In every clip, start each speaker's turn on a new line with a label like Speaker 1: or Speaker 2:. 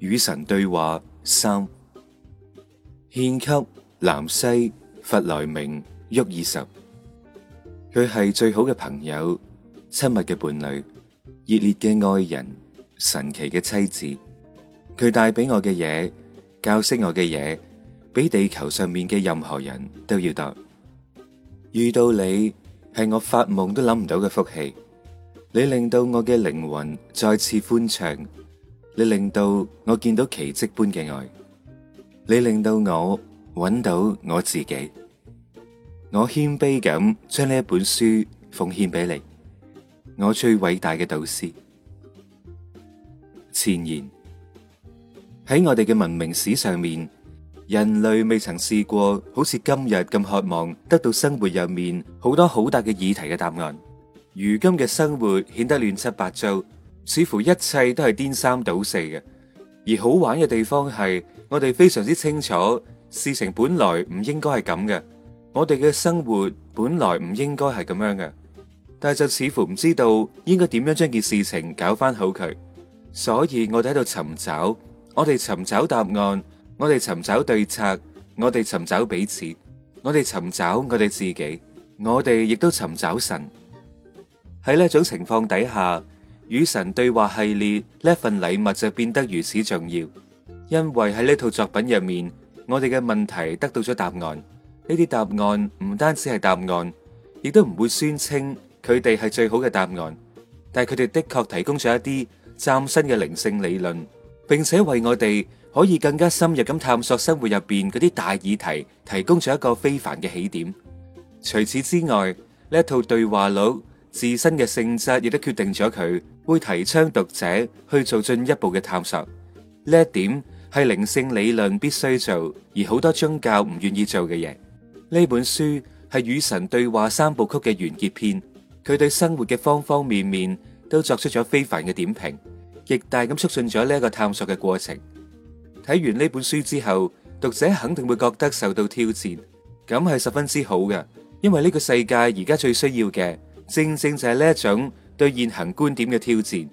Speaker 1: 與神對話三，獻給南西弗萊明沃爾什。佢係最好嘅朋友，親密嘅伴侶，熱烈嘅愛人，神奇嘅妻子。佢帶俾我嘅嘢，教識我嘅嘢，比地球上面嘅任何人都要得。遇到你係我發夢都諗唔到嘅福氣，你令到我嘅靈魂再次歡唱。你令到我見到奇蹟般嘅愛，你令到我揾到我自己。我謙卑咁將呢一本書奉獻俾你，我最偉大嘅導師。前言，喺我哋嘅文明史上面，人類未曾試過好似今日咁渴望得到生活入面好多好大嘅議題嘅答案。如今嘅生活顯得亂七八糟。似乎一切都係顛三倒四嘅，而好玩嘅地方係我哋非常之清楚，事情本來唔應該係咁嘅，我哋嘅生活本來唔應該係咁樣嘅，但係就似乎唔知道應該點樣將件事情搞翻好佢，所以我哋喺度尋找，我哋尋找答案，我哋尋找對策，我哋尋找彼此，我哋尋找我哋自己，我哋亦都尋找神。喺呢一種情況底下。與神對話系列，呢一份禮物就變得如此重要，因為喺呢套作品入面，我哋嘅問題得到咗答案。呢啲答案唔單止係答案，亦都唔會宣稱佢哋係最好嘅答案，但係佢哋的確提供咗一啲嶄新嘅靈性理論，並且為我哋可以更加深入咁探索生活入邊嗰啲大議題，提供咗一個非凡嘅起點。除此之外，呢一套對話錄自身嘅性質亦都決定咗佢，會提倡讀者去做進一步嘅探索，呢一點係靈性理論必須做，而好多宗教唔願意做嘅嘢。呢本書係與神對話三部曲嘅完結篇，佢對生活嘅方方面面都作出咗非凡嘅點評，極大咁促進咗呢個探索嘅過程。睇完呢本書之後，讀者肯定會覺得受到挑戰，咁係十分之好嘅，因為呢個世界而家最需要嘅正正就係呢一種。對現行觀點嘅挑戰，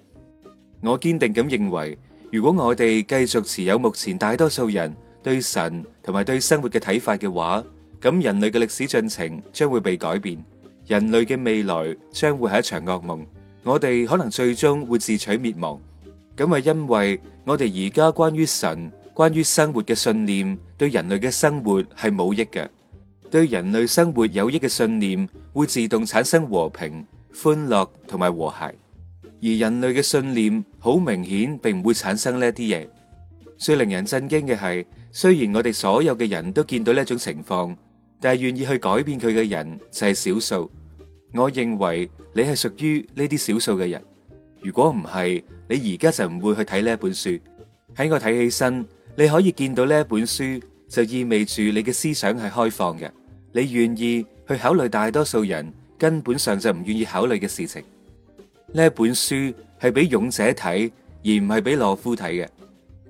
Speaker 1: 歡樂同埋和諧，而人類嘅信念好明顯並唔會產生呢一啲嘢。最令人震驚嘅係，雖然我哋所有嘅人都見到呢一種情況，但係願意去改變佢嘅人就係少數。我認為你係屬於呢啲少數嘅人。如果唔係，你而家就唔會去睇呢一本書。喺我睇起身，你可以見到呢一本書，就意味住你嘅思想係開放嘅，你願意去考慮大多數人。根本上就唔願意考慮嘅事情，呢一本書係俾勇者睇，而唔係俾懦夫睇嘅。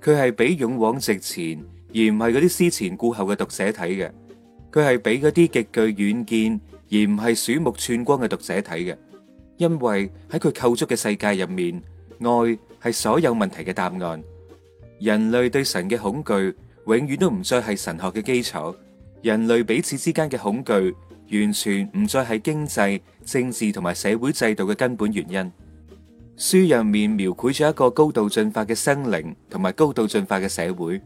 Speaker 1: 佢係俾勇往直前，而唔係嗰啲思前顧後嘅讀者睇嘅。佢係俾嗰啲極具遠見，而唔係鼠目寸光嘅讀者睇嘅。因為喺佢構築嘅世界入面，愛係所有問題嘅答案。人類對神嘅恐懼，永遠都唔再係神學嘅基礎。人類彼此之間嘅恐懼。完全唔再係經濟、政治同埋社會制度嘅根本原因。書入面描繪咗一個高度進化嘅生靈，同埋高度進化嘅社會，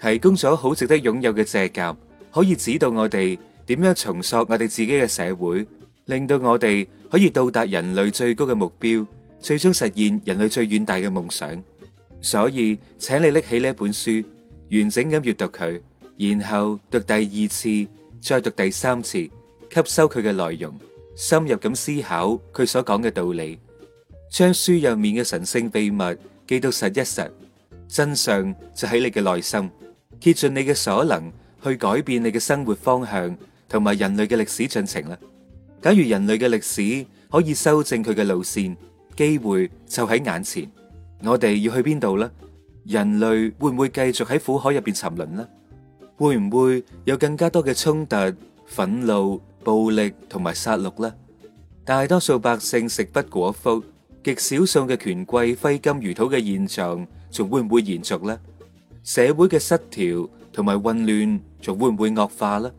Speaker 1: 提供咗好值得擁有嘅借鑒，可以指導我哋點樣重塑我哋自己嘅社會，令到我哋可以到達人類最高嘅目標，最終實現人類最遠大嘅夢想。所以，請你拎起呢本書，完整咁閱讀佢，然後讀第二次，再讀第三次。吸收佢嘅內容，深入咁思考佢所講嘅道理，將書入面嘅神聖秘密記到實一實，真相就喺你嘅內心，竭盡你嘅所能去改變你嘅生活方向同埋人類嘅歷史進程啦。假如人類嘅歷史可以修正佢嘅路線，機會就喺眼前。我哋要去邊度呢？人類會唔會繼續喺苦海入邊沉淪呢？會唔會有更加多嘅衝突、憤怒？暴力同埋殺戮咧，大多數百姓食不果腹，極少數嘅權貴揮金如土嘅現象，仲會唔會延續咧？社會嘅失調同埋混亂，仲會唔會惡化咧？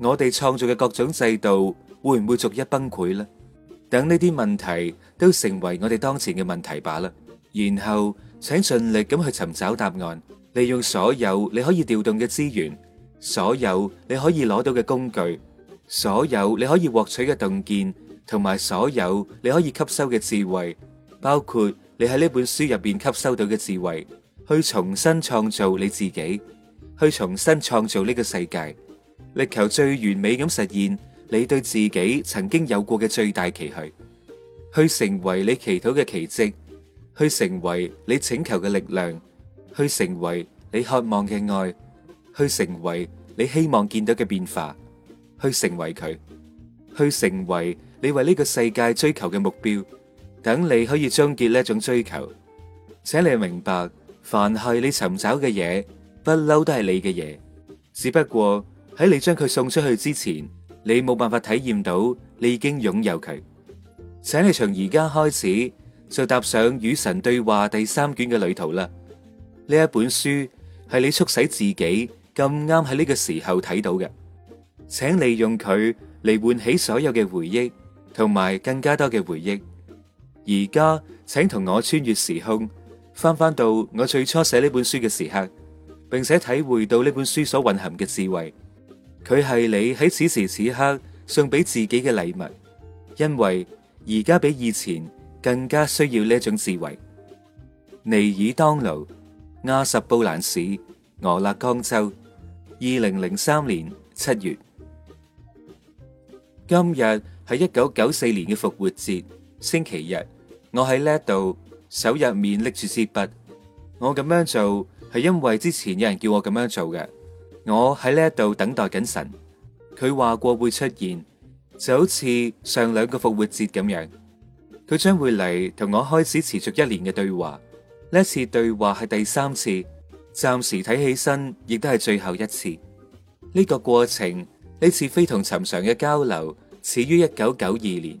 Speaker 1: 我哋創造嘅各種制度，會唔會逐一崩潰咧？等呢啲問題都成為我哋當前嘅問題罷啦。然後，請盡力咁去尋找答案，利用所有你可以調動嘅資源，所有你可以攞到嘅工具。所有你可以獲取嘅洞見，同埋所有你可以吸收嘅智慧，包括你喺呢本書入邊吸收到嘅智慧，去重新創造你自己，去重新創造呢個世界，力求最完美咁實現你對自己曾經有過嘅最大期許，去成為你祈禱嘅奇跡，去成為你請求嘅力量，去成為你渴望嘅愛，去成為你希望見到嘅變化。去成為佢，去成為你為呢個世界追求嘅目標。等你可以終結呢一種追求，請你明白，凡係你尋找嘅嘢，不嬲都係你嘅嘢。只不過喺你將佢送出去之前，你冇辦法體驗到你已經擁有佢。請你從而家開始就踏上與神對話第三卷嘅旅途啦。呢一本書係你促使自己咁啱喺呢個時候睇到嘅。請利用佢嚟喚起所有嘅回憶，同埋更加多嘅回憶。而家請同我穿越時空，翻翻到我最初寫呢本書嘅時刻，並且體會到呢本書所蘊含嘅智慧。佢係你喺此時此刻送俾自己嘅禮物，因為而家比以前更加需要呢一種智慧。尼爾當奴，亞什布蘭市，俄勒岡州，二零零三年七月。今日係一九九四年嘅復活節星期日，我喺呢度手入面拎住支筆，我咁樣做係因為之前有人叫我咁樣做嘅。我喺呢度等待緊神，佢話過會出現，就好似上兩個復活節咁樣，佢將會嚟同我開始持續一年嘅對話。呢次對話係第三次，暫時睇起身亦都係最後一次呢個過程。呢次非同尋常嘅交流始於一九九二年，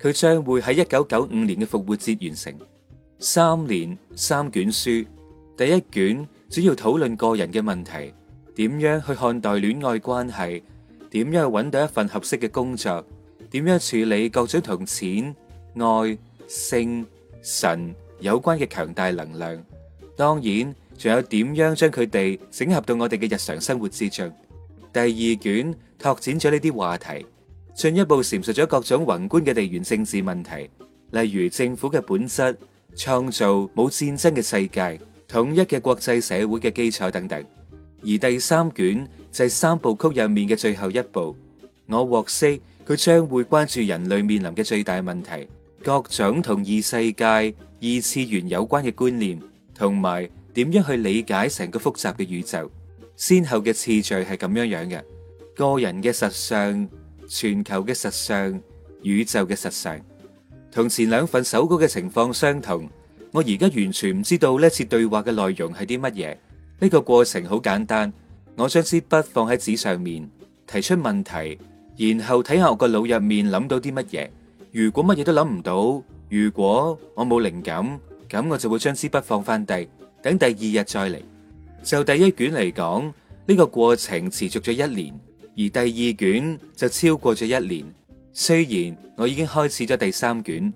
Speaker 1: 佢將會喺一九九五年嘅復活節完成。三年三卷書，第一卷主要討論個人嘅問題，點樣去看待戀愛關係，點樣去搵到一份合適嘅工作，點樣處理各種同錢、愛、性、神有關嘅強大能量，當然仲有點樣將佢哋整合到我哋嘅日常生活之中。第二卷拓展咗呢啲話題，進一步闡述咗各種宏觀嘅地緣政治問題，例如政府嘅本質、創造冇戰爭嘅世界、統一嘅國際社會嘅基礎等等。而第三卷就係三部曲入面嘅最後一部，我獲悉佢將會關注人類面臨嘅最大問題、各種同異世界、異次元有關嘅觀念，同埋點樣去理解成個複雜嘅宇宙。先後嘅次序係咁樣樣嘅，個人嘅實相、全球嘅實相、宇宙嘅實相，同前兩份手稿嘅情況相同。我而家完全唔知道呢次對話嘅內容係啲乜嘢。呢個過程好簡單，我將支筆放喺紙上面，提出問題，然後睇下我個腦入面諗到啲乜嘢。如果乜嘢都諗唔到，如果我冇靈感，咁我就會將支筆放翻低，等第二日再嚟。就第一卷嚟講，呢個過程持續咗一年，而第二卷就超過咗一年。雖然我已經開始咗第三卷，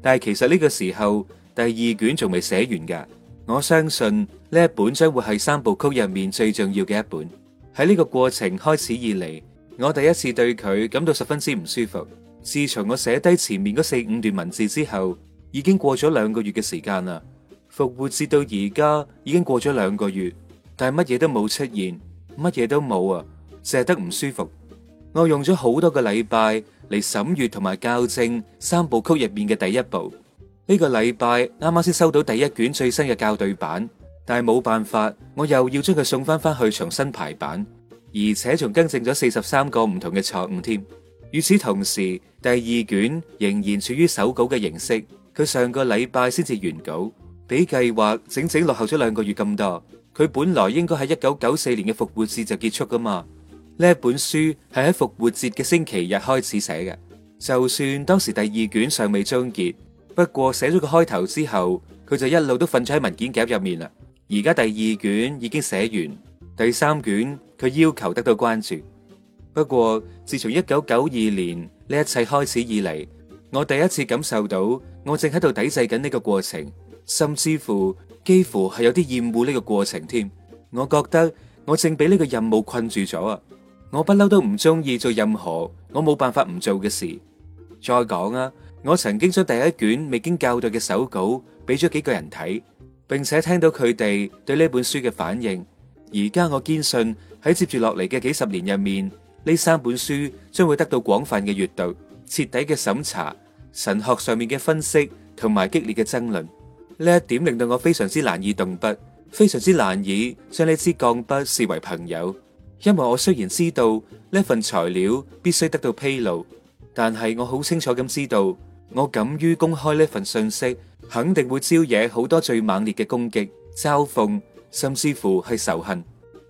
Speaker 1: 但係其實呢個時候第二卷仲未寫完噶。我相信呢一本將會係三部曲入面最重要嘅一本。喺呢個過程開始以嚟，我第一次對佢感到十分之唔舒服。自從我寫低前面嗰四五段文字之後，已經過咗兩個月嘅時間啦。復活至到而家已經過咗兩個月。但係乜嘢都冇出現，乜嘢都冇啊！淨係得唔舒服。我用咗好多個禮拜嚟審閱同埋校正三部曲入面嘅第一部。呢個禮拜啱啱先收到第一卷最新嘅校對版，但係冇辦法，我又要將佢送翻翻去重新排版，而且仲更正咗四十三個唔同嘅錯誤添。與此同時，第二卷仍然處於手稿嘅形式，佢上個禮拜先至完稿，比計劃整整落後咗兩個月咁多。佢本來應該喺一九九四年嘅復活節就結束噶嘛？呢一本書係喺復活節嘅星期日開始寫嘅。就算當時第二卷尚未終結，不過寫咗個開頭之後，佢就一路都瞓咗喺文件夾入面啦。而家第二卷已經寫完，第三卷佢要求得到關注。不過自從一九九二年呢一切開始以嚟，我第一次感受到我正喺度抵制緊呢個過程，甚至乎。幾乎係有啲厭惡呢個過程添，我覺得我正俾呢個任務困住咗啊！我不嬲都唔中意做任何我冇辦法唔做嘅事。再講啊，我曾經將第一卷未經校對嘅手稿俾咗幾個人睇，並且聽到佢哋對呢本書嘅反應。而家我堅信喺接住落嚟嘅幾十年入面，呢三本書將會得到廣泛嘅閱讀、徹底嘅審查、神學上面嘅分析同埋激烈嘅爭論。呢一點令到我非常之難以動筆，非常之難以將呢支鋼筆視為朋友。因為我雖然知道呢份材料必須得到披露，但係我好清楚咁知道，我敢於公開呢份信息，肯定會招惹好多最猛烈嘅攻擊、嘲諷，甚至乎係仇恨。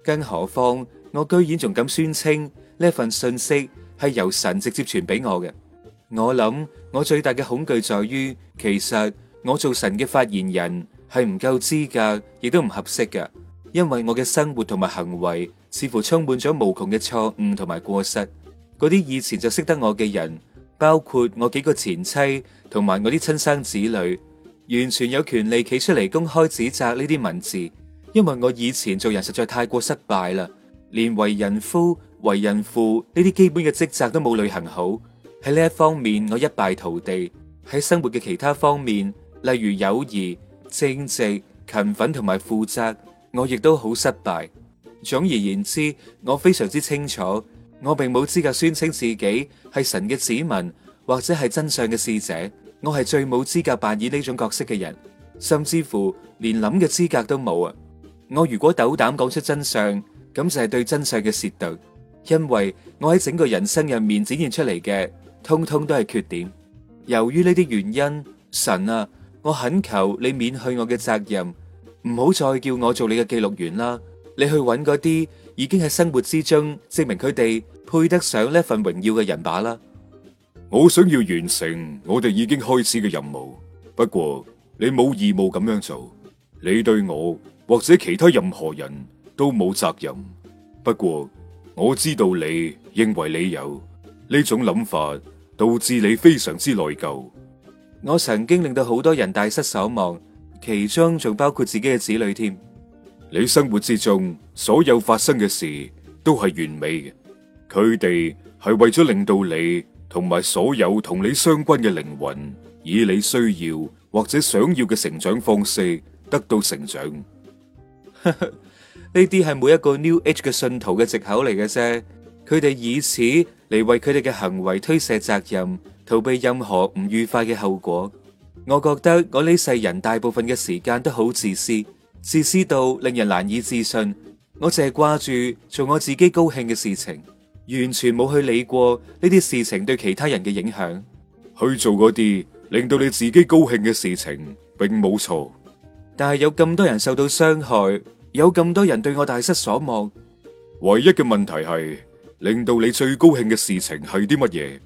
Speaker 1: 更何況我居然仲敢宣稱呢份信息係由神直接傳俾我嘅。我諗我最大嘅恐懼在於，其實，我做神嘅發言人係唔夠資格，亦都唔合適嘅，因為我嘅生活同埋行為似乎充滿咗無窮嘅錯誤同埋過失。嗰啲以前就識得我嘅人，包括我幾個前妻同埋我啲親生子女，完全有權利企出嚟公開指責呢啲文字，因為我以前做人實在太過失敗啦，連為人夫、為人父呢啲基本嘅職責都冇履行好。喺呢一方面，我一敗塗地；喺生活嘅其他方面，例如友誼、正直、勤奮同埋負責，我亦都好失敗。總而言之，我非常之清楚，我並冇資格宣稱自己係神嘅子民或者係真相嘅使者。我係最冇資格扮演呢種角色嘅人，甚至乎連諗嘅資格都冇啊！我如果斗膽講出真相，咁就係對真相嘅褻瀆，因為我喺整個人生入面展現出嚟嘅，通通都係缺點。由於呢啲原因，神啊！我懇求你免去我嘅責任，唔好再叫我做你嘅記錄員啦。你去揾嗰啲已經喺生活之中證明佢哋配得上呢份榮耀嘅人吧啦。我想要完成我哋已經開始嘅任務，不過你冇義務咁樣做。你對我或者其他任何人都冇責任。不過我知道你認為你有呢種諗法，導致你非常之內疚。。我曾經令到好多人大失所望，其中仲包括自己嘅子女添。你生活之中所有發生嘅事都係完美嘅，佢哋係為咗令到你同埋所有同你相關嘅靈魂，以你需要或者想要嘅成長方式得到成長。呢啲係每一個 New Age 逃避任何唔愉快嘅後果，我覺得我呢世人大部分嘅時間都好自私，自私到令人難以置信。我淨係掛住做我自己高興嘅事情，完全冇去理過呢啲事情對其他人嘅影響。去做嗰啲令到你自己高興嘅事情，並冇錯。但係有咁多人受到傷害，有咁多人對我大失所望。唯一嘅問題係，令到你最高興嘅事情係啲乜嘢？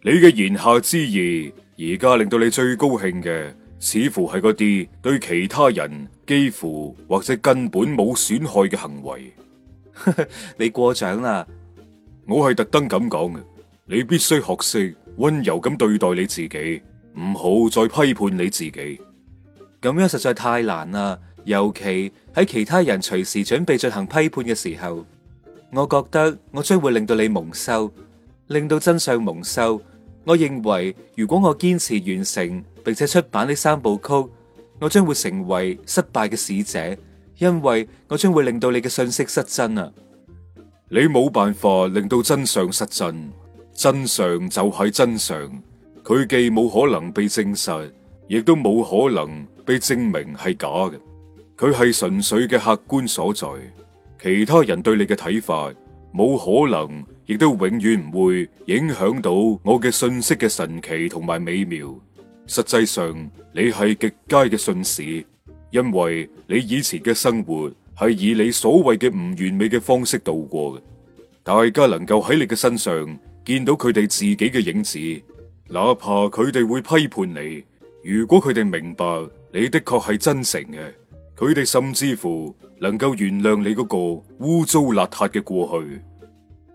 Speaker 1: 你嘅言下之意，而家令到你最高興嘅，似乎係嗰啲對其他人幾乎或者根本冇損害嘅行為。 你過獎啦，我係特登咁講嘅。你必須學識溫柔咁對待你自己，唔好再批判你自己。咁樣實在太難啦，尤其喺其他人隨時準備進行批判嘅時候，我覺得我將會令到你蒙羞。令到真相蒙羞。我認為如果我堅持完成並且出版呢三部曲，我將會成為失敗嘅使者，因為我將會令到你嘅信息失真啊！你冇辦法令到真相失真，真相就係真相，佢既冇可能被證實，亦都冇可能被證明係假嘅，佢係純粹嘅客觀所在，其他人對你嘅睇法冇可能。亦都永遠唔會影響到我嘅信息嘅神奇同埋美妙。實際上，你係極佳嘅信使，因為你以前嘅生活係以你所謂嘅唔完美嘅方式度過嘅。大家能夠喺你嘅身上見到佢哋自己嘅影子，哪怕佢哋會批判你，如果佢哋明白你的確係真誠嘅，佢哋甚至乎能夠原諒你嗰個污糟邋遢嘅過去。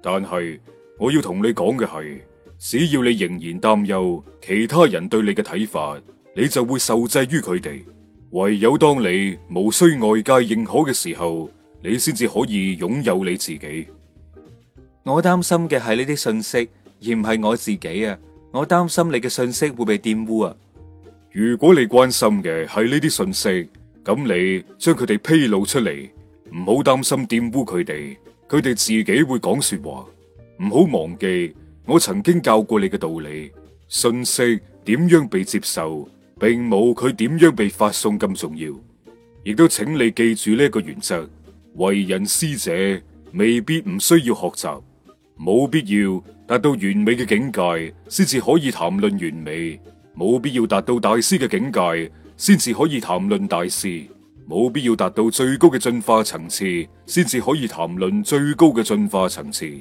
Speaker 1: 但係，我要同你講嘅係，只要你仍然擔憂其他人對你嘅睇法，你就會受制於佢哋。唯有當你無需外界認可嘅時候，你先至可以擁有你自己。我擔心嘅係呢啲信息，而唔係我自己啊！我擔心你嘅信息會被玷污啊！如果你關心嘅係呢啲信息，咁你將佢哋披露出嚟，唔好擔心玷污佢哋。佢哋自己會講說話，唔好忘記我曾經教過你嘅道理。信息點樣被接受，並冇佢點樣被發送咁重要。亦都請你記住呢個原則：為人師者未必唔需要學習，冇必要達到完美嘅境界，先至可以談論完美；冇必要達到大師嘅境界，先至可以談論大師。冇必要達到最高嘅進化層次，先至可以談論最高嘅進化層次。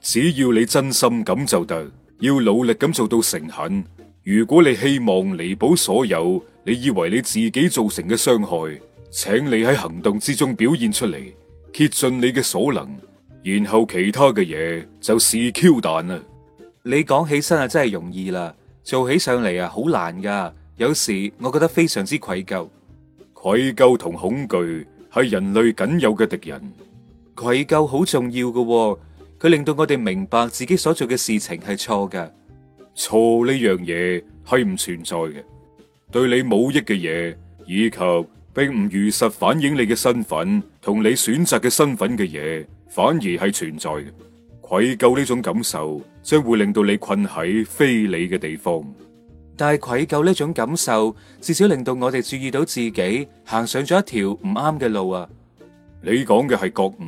Speaker 1: 只要你真心咁就得，要努力咁做到誠懇。如果你希望彌補所有你以為你自己造成嘅傷害，請你喺行動之中表現出嚟，竭盡你嘅所能，然後其他嘅嘢就事 Q 蛋啦。你講起身啊，真係容易啦，做起上嚟啊，好難噶。有時我覺得非常之愧疚。愧疚同恐懼係人類僅有嘅敵人。愧疚好重要嘅哦，佢令到我哋明白自己所做嘅事情係錯嘅。錯呢樣嘢係唔存在嘅。對你冇益嘅嘢，以及並唔如實反映你嘅身份同你選擇嘅身份嘅嘢，反而係存在嘅。愧疚呢種感受，將會令到你困喺非你嘅地方。但係愧疚呢種感受，至少令到我哋注意到自己行上咗一條唔啱嘅路啊。你講嘅係覺悟，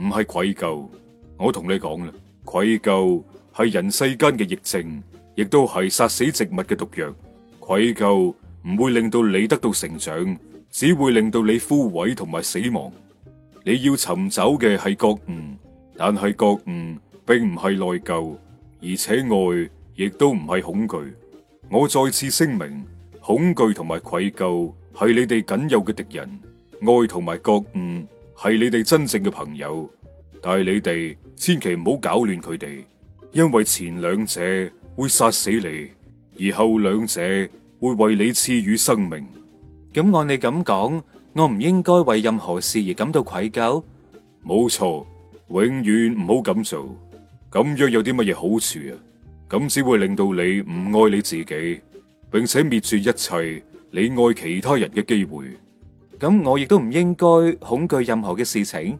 Speaker 1: 唔係愧疚。我同你講啦，愧疚係人世間嘅疫症，亦都係殺死植物嘅毒藥。愧疚唔會令到你得到成長，只會令到你枯萎同埋死亡。你要尋找嘅係覺悟，但係覺悟並唔係內疚，而且愛亦都唔係恐懼。我再次聲明，恐懼同埋愧疚係你哋僅有嘅敵人，愛同埋覺悟係你哋真正嘅朋友。但係你哋千祈唔好搞亂佢哋，因為前兩者會殺死你，而後兩者會為你賜予生命。咁按你咁講，我唔應該為任何事而感到愧疚。冇錯，永遠唔好咁做。咁樣有啲乜嘢好處啊？咁只會令到你唔愛你自己，並且滅絕一切你愛其他人嘅機會。咁我亦都唔應該恐懼任何嘅事情。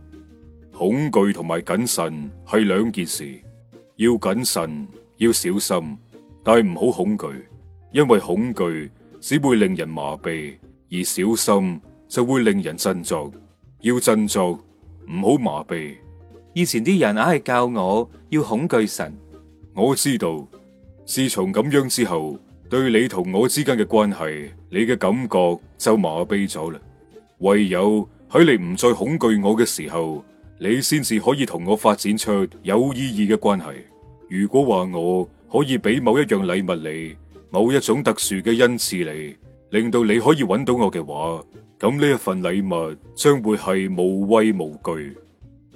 Speaker 1: 恐懼同埋謹慎係兩件事，要謹慎要小心，但係唔好恐懼，因為恐懼只會令人麻痹，而小心就會令人振作。要振作，唔好麻痹。以前啲人硬係教我要恐懼神。我知道，自從咁樣之後，對你同我之間嘅關係，你嘅感覺就麻痹咗啦。唯有喺你唔再恐懼我嘅時候，你先至可以同我發展出有意義嘅關係。如果話我可以俾某一樣禮物你，某一種特殊嘅恩賜你，令到你可以揾到我嘅話，咁呢一份禮物將會係無畏無懼。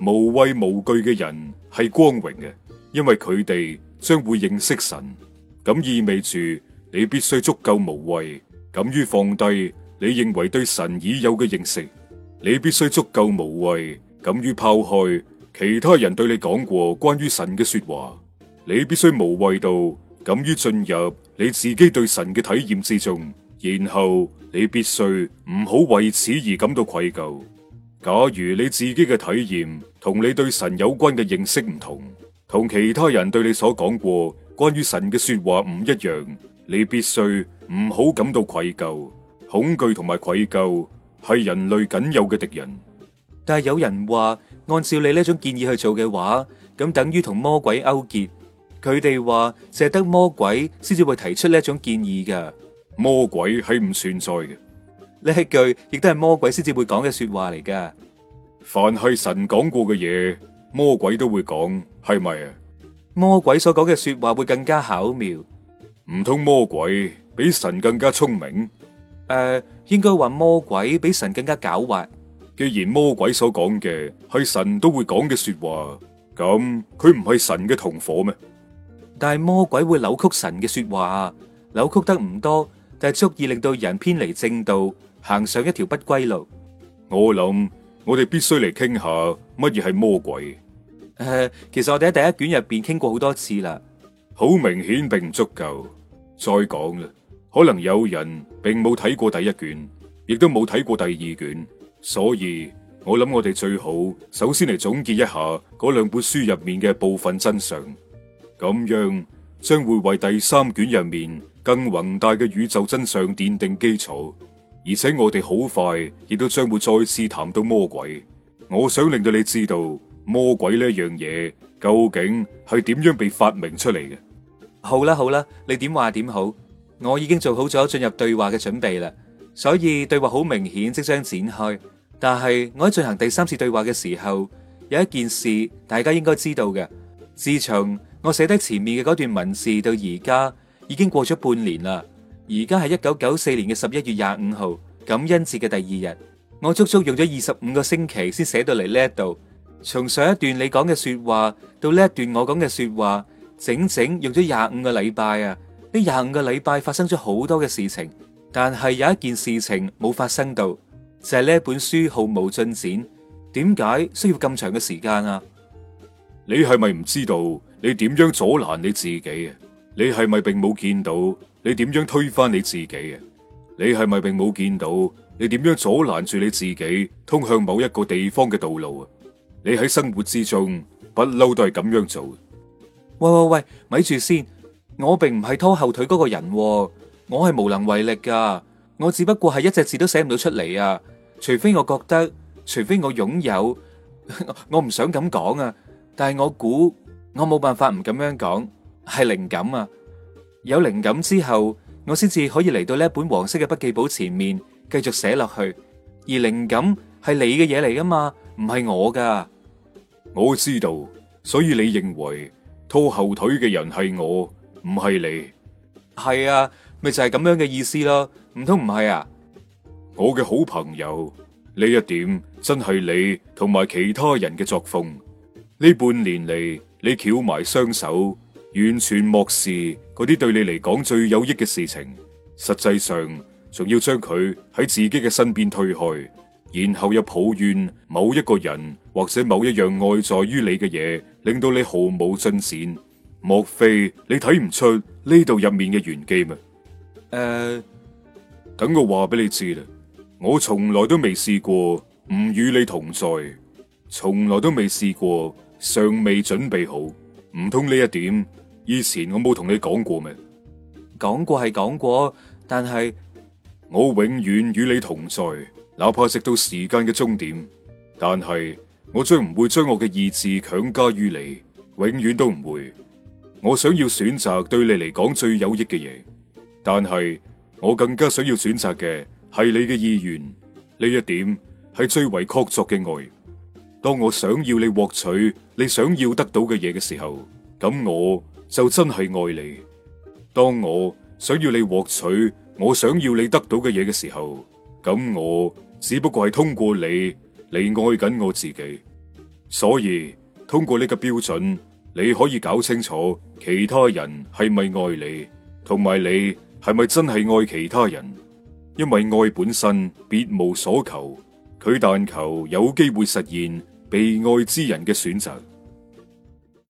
Speaker 1: 無畏無懼嘅人係光榮嘅。因為佢哋將會認識神，咁意味住你必須足夠無畏，敢於放低你認為對神已有嘅認識。你必須足夠無畏，敢於拋開其他人對你講過關於神嘅說話。你必須無畏到敢於進入你自己對神嘅體驗之中。然後你必須唔好為此而感到愧疚。假如你自己嘅體驗同你對神有關嘅認識唔同，同其他人對你所講過關於神嘅說話唔一樣，你必須唔好感到愧疚。恐懼同埋愧疚係人類僅有嘅敵人。但係有人話，按照你呢種建議去做嘅話，咁等於同魔鬼勾結。佢哋話，淨係得魔鬼先至會提出呢種建議噶。魔鬼係唔存在嘅。呢一句亦都係魔鬼先至會講嘅說話嚟噶。凡係神講過嘅嘢，魔鬼都會講。係咪啊？是是魔鬼所講嘅說話會更加巧妙。唔通魔鬼比神更加聰明？誒、呃，應該話魔鬼比神更加狡猾。既然魔鬼所講嘅係神都會講嘅說話，咁佢唔係神嘅同夥咩？但係魔鬼會扭曲神嘅說話，扭曲得唔多，但、就、係、是、足以令到人偏離正道，行上一條不歸路。我諗，我哋必須嚟傾下乜嘢係魔鬼。Uh, 其實我哋喺第一卷入邊傾過好多次啦，好明顯並唔足夠再講啦。可能有人並冇睇過第一卷，亦都冇睇過第二卷，所以我諗我哋最好首先嚟總結一下嗰兩本書入面嘅部分真相，咁樣將會為第三卷入面更宏大嘅宇宙真相奠定基礎。而且我哋好快亦都將會再次談到魔鬼，我想令到你知道。魔鬼呢樣嘢究竟係點樣被發明出嚟嘅？好啦好啦，你點話點好，我已經做好咗進入對話嘅準備啦，所以對話好明顯即將展開。但係我喺進行第三次對話嘅時候，有一件事大家應該知道嘅。自從我寫低前面嘅嗰段文字到而家，已經過咗半年啦。而家係一九九四年嘅十一月廿五號，感恩節嘅第二日，我足足用咗二十五個星期先寫到嚟呢一度。從上一段你講嘅說話到呢一段我講嘅說話，整整用咗廿五個禮拜啊！呢廿五個禮拜發生咗好多嘅事情，但係有一件事情冇發生到，就係呢本書毫無進展。點解需要咁長嘅時間啊？你係咪唔知道你點樣阻攔你自己啊？你係咪並冇見到你點樣推翻你自己啊？你係咪並冇見到你點樣阻攔住你自己通向某一個地方嘅道路啊？你喺生活之中不嬲都係咁樣做喂。喂喂喂，咪住先，我並唔係拖後腿嗰個人喎啊，我係無能為力噶，我只不過係一隻字都寫唔到出嚟啊！除非我覺得，除非我擁有，我唔想咁講啊，但係我估我冇辦法唔咁樣講，係靈感啊！有靈感之後，我先至可以嚟到呢一本黃色嘅筆記簿前面繼續寫落去，而靈感係你嘅嘢嚟噶嘛，唔係我噶。我知道，所以你認為拖後腿嘅人係我，唔係你。係啊，咪就係咁樣嘅意思囉，唔通唔係啊？我嘅好朋友呢一點真係你同埋其他人嘅作風。呢半年嚟，你翹埋雙手，完全漠視嗰啲對你嚟講最有益嘅事情，實際上仲要將佢喺自己嘅身邊推去。然後又抱怨某一個人或者某一樣外在於你嘅嘢，令到你毫無進展。莫非你睇唔出呢度入面嘅玄機咩？誒、uh，等我話俾你知啦。我從來都未試過唔與你同在，從來都未試過尚未準備好。唔通，呢一點以前我冇同你講過咩？講過係講過，但係我永遠與你同在。哪怕直到時間嘅終點，但係我將唔會將我嘅意志強加於你，永遠都唔會。我想要選擇對你嚟講最有益嘅嘢，但係我更加想要選擇嘅係你嘅意願。呢一點係最為確鑿嘅愛。當我想要你獲取你想要得到嘅嘢嘅時候，咁我就真係愛你。當我想要你獲取我想要你得到嘅嘢嘅時候。咁我只不過係通過你，你愛緊我自己，所以通過呢個標準，你可以搞清楚其他人係咪愛你，同埋你係咪真係愛其他人。因為愛本身別無所求，佢但求有機會實現被愛之人嘅選擇。